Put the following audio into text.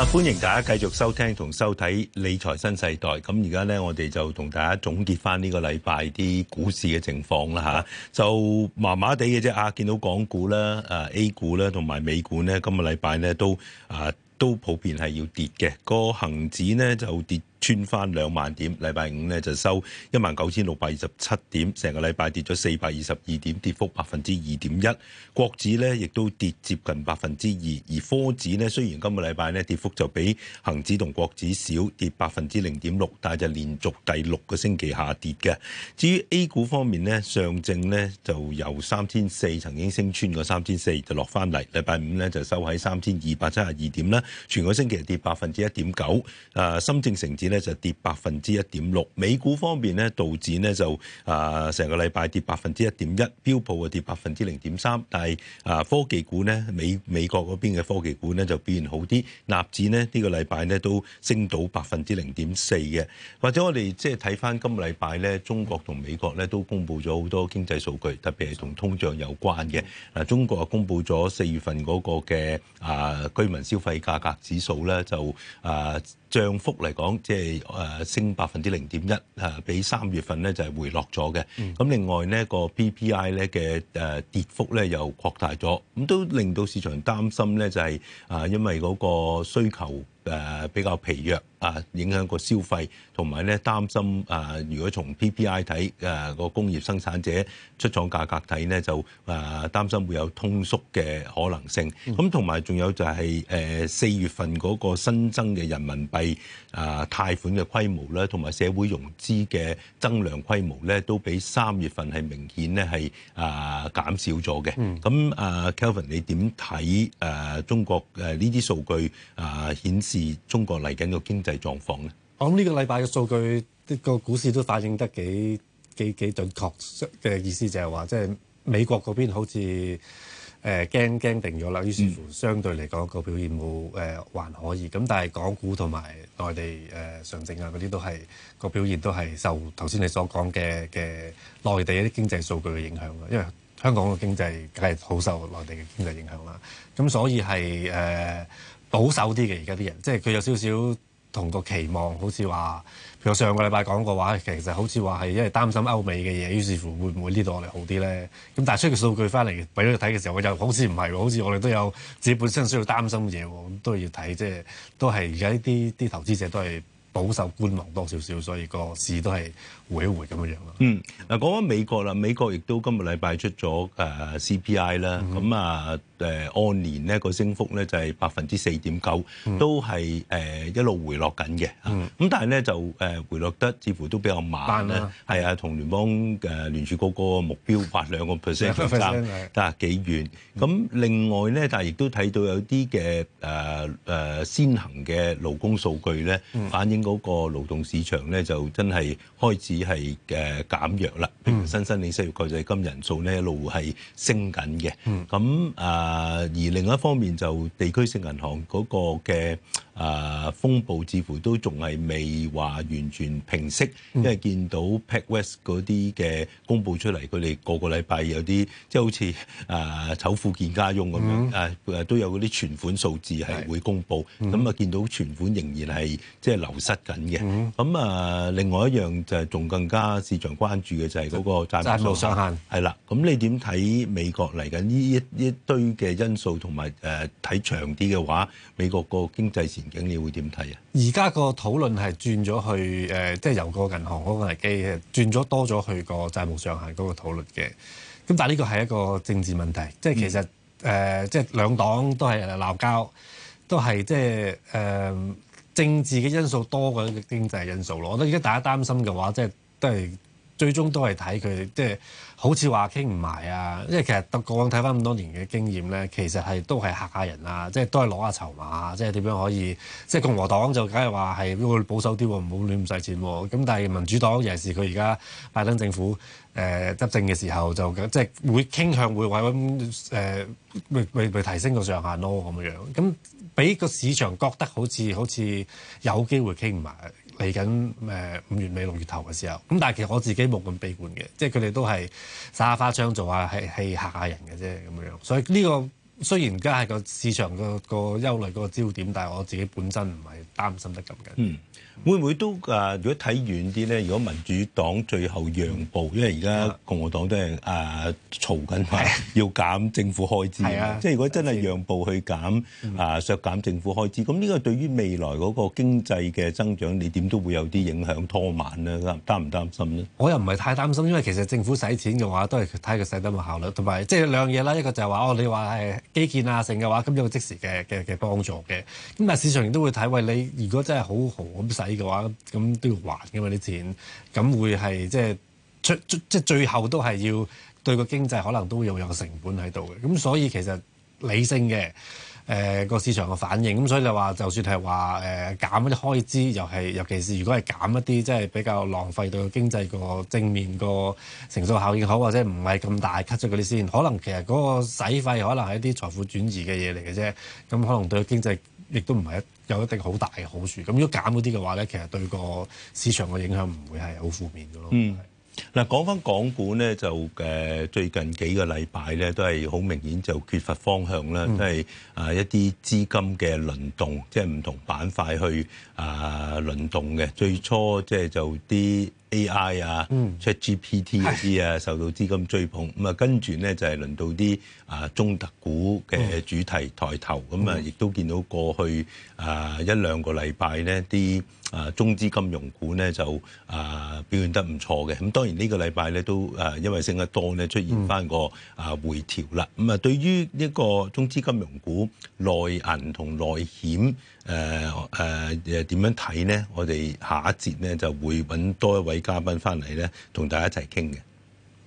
啊！歡迎大家繼續收聽同收睇《理財新世代》。咁而家呢，我哋就同大家總結翻呢個禮拜啲股市嘅情況啦嚇。就麻麻地嘅啫啊，見到港股啦啊 A 股啦，同埋美股呢，今個禮拜呢，都啊都普遍係要跌嘅。個恒指呢，就跌穿翻兩萬點，禮拜五呢就收一萬九千六百二十七點，成個禮拜跌咗四百二十二點，跌幅百分之二點一。國指呢，亦都跌接近百分之二，而科指呢，雖然今個禮拜呢跌幅就比恒指同國指少，跌百分之零點六，但係就連續第六個星期下跌嘅。至於 A 股方面呢，上證呢就由三千四，曾經升穿過三千四，就落翻嚟。禮拜五呢就收喺三千二百七十二點啦，全個星期跌百分之一點九。誒，深證成指咧就跌百分之一點六，美股方面咧道指咧就啊成個禮拜跌百分之一點一，標普啊跌百分之零點三，但係啊科技股咧美美國嗰邊嘅科技股咧就表現好啲，納指咧呢個禮拜咧都升到百分之零點四嘅。或者我哋即係睇翻今個禮拜咧，中國同美國咧都公布咗好多經濟數據，特別係同通脹有關嘅。嗱，中國啊公布咗四月份嗰個嘅啊居民消費價格指數咧，就啊漲幅嚟講。即誒誒升百分之零點一，誒比三月份咧就係回落咗嘅。咁另外呢個 PPI 咧嘅誒跌幅咧又擴大咗，咁都令到市場擔心咧就係啊，因為嗰個需求。誒比較疲弱啊，影響個消費同埋咧擔心啊，如果從 PPI 睇，誒個工業生產者出廠價格睇咧，就誒擔心會有通縮嘅可能性。咁同埋仲有就係誒四月份個新增嘅人民幣啊貸款嘅規模咧，同埋社會融資嘅增量規模咧，都比三月份係明顯咧係誒減少咗嘅。咁誒、嗯、Kelvin 你點睇誒中國誒呢啲數據誒顯示？而中國嚟緊個經濟狀況咧，我諗呢個禮拜嘅數據，個股市都反映得幾幾幾準確嘅，意思就係，就係話即係美國嗰邊好似誒驚驚定咗啦，於是乎相對嚟講、個表現冇誒、呃、還可以。咁但係港股同埋內地誒上證啊嗰啲都係、個表現都係受頭先你所講嘅嘅內地一啲經濟數據嘅影響啊，因為香港嘅經濟梗係好受內地嘅經濟影響啦。咁所以係保守啲嘅而家啲人，即係佢有少少同個期望，好似話，譬如上個禮拜講過話，其實好似話係因為擔心歐美嘅嘢，於是乎會唔會呢度我哋好啲咧？咁但係出嘅數據翻嚟，畀佢睇嘅時候，我又好似唔係喎，好似我哋都有自己本身需要擔心嘅嘢喎，咁都要睇，即係都係而家啲啲投資者都係。保守觀望多少少，所以個市都係回一回咁樣樣咯。嗯，嗱講返美國啦，美國亦都今日禮拜出咗誒 CPI 啦，咁啊誒按年呢個升幅咧就係百分之四點九，嗯、都係誒、呃、一路回落緊嘅。咁、嗯、但係咧就誒回落得似乎都比較慢啦。係啊，同、啊、聯邦誒、呃、聯儲局個目標八兩個 percent 得幾遠。咁、嗯、另外咧，但係亦都睇到有啲嘅誒誒先行嘅勞工數據咧、嗯、反映。嗰個勞動市場咧就真係開始係誒減弱啦，譬如新申請失業救濟金人數咧一路係升緊嘅。咁誒，而另一方面就地區性銀行嗰個嘅。啊，風暴似乎都仲係未話完全平息，因為見到 PacWest 嗰啲嘅公佈出嚟，佢哋個個禮拜有啲，即係好似啊，首富見家翁咁樣啊，都有嗰啲存款數字係會公佈，咁啊見到存款仍然係即係流失緊嘅。咁啊，另外一樣就係仲更加市場關注嘅就係嗰個債務上限係啦。咁你點睇美國嚟緊呢一一堆嘅因素同埋誒睇長啲嘅話，美國個經濟前？警，你會點睇啊？而家個討論係轉咗去、呃、即係由個銀行嗰個危機轉咗多咗去個債務上限嗰個討論嘅。咁但係呢個係一個政治問題，即係其實誒、嗯呃，即係兩黨都係鬧交，都係即係、呃、政治嘅因素多過經濟嘅因素咯。我覺得而家大家擔心嘅話，即係都係。最終都係睇佢，即、就、係、是、好似話傾唔埋啊！因為其實特國睇翻咁多年嘅經驗咧，其實係都係嚇下人啊，即係都係攞下籌碼，即係點樣可以？即係共和黨就梗係話係保守啲，唔好亂咁使錢。咁但係民主黨尤其是佢而家拜登政府誒執、呃、政嘅時候就，就即、是、係會傾向會為咁誒，會、呃、會提升個上限咯咁、no, 樣。咁俾個市場覺得好似好似有機會傾唔埋，嚟緊誒五月尾六月頭嘅時候，咁但係其實我自己冇咁悲觀嘅，即係佢哋都係撒花槍做下，係係嚇下人嘅啫咁樣。所以呢個雖然而家係個市場個個憂慮嗰個焦點，但係我自己本身唔係擔心得咁緊。嗯會唔會都誒？如果睇遠啲咧，如果民主黨最後讓步，因為而家共和黨都係誒、呃、吵緊要減政府開支， 是啊、即係如果真係讓步去減誒、啊、削減政府開支，咁呢個對於未來嗰個經濟嘅增長，你點都會有啲影響拖慢咧？擔唔擔心呢？我又唔係太擔心，因為其實政府使錢嘅話，都係睇佢使得咪效率，同埋即係兩樣嘢啦。一個就係話哦，你話係基建啊成嘅話，咁有個即時嘅嘅嘅幫助嘅。咁啊，市場亦都會睇喂，你，如果真係好好咁使。你嘅話，咁都要還嘅嘛啲錢，咁會係即係出即係最後都係要對個經濟可能都會有個成本喺度嘅。咁所以其實理性嘅誒個市場嘅反應，咁所以就話就算係話誒減一啲開支，又係，尤其是如果係減一啲即係比較浪費對個經濟個正面、個成效效應好，或者唔係咁大 cut 咗嗰啲先，可能其實嗰個洗費可能係一啲財富轉移嘅嘢嚟嘅啫。咁可能對個經濟。亦都唔係有一定好大嘅好處，咁如果減嗰啲嘅話咧，其實對個市場嘅影響唔會係好負面嘅咯。嗯，嗱講返港股咧，就誒最近幾個禮拜咧都係好明顯就缺乏方向啦，都係啊一啲資金嘅輪動，即係唔同板塊去啊輪動嘅。最初即係就啲。A.I. 啊、嗯、ChatGPT 啲啊受到資金追捧，咁啊是、嗯、跟住咧就係、是、輪到啲啊中特股嘅主題抬、嗯、頭，咁啊亦都見到過去啊一兩個禮拜咧啲啊中資金融股咧就啊表現得唔錯嘅，咁當然個呢個禮拜咧都啊因為升得多咧出現翻個啊回調啦，咁啊、嗯嗯、對於呢個中資金融股內銀同內險誒誒誒點樣睇咧？我哋下一節咧就會揾多一位。嘉賓翻嚟咧，同大家一齊傾嘅。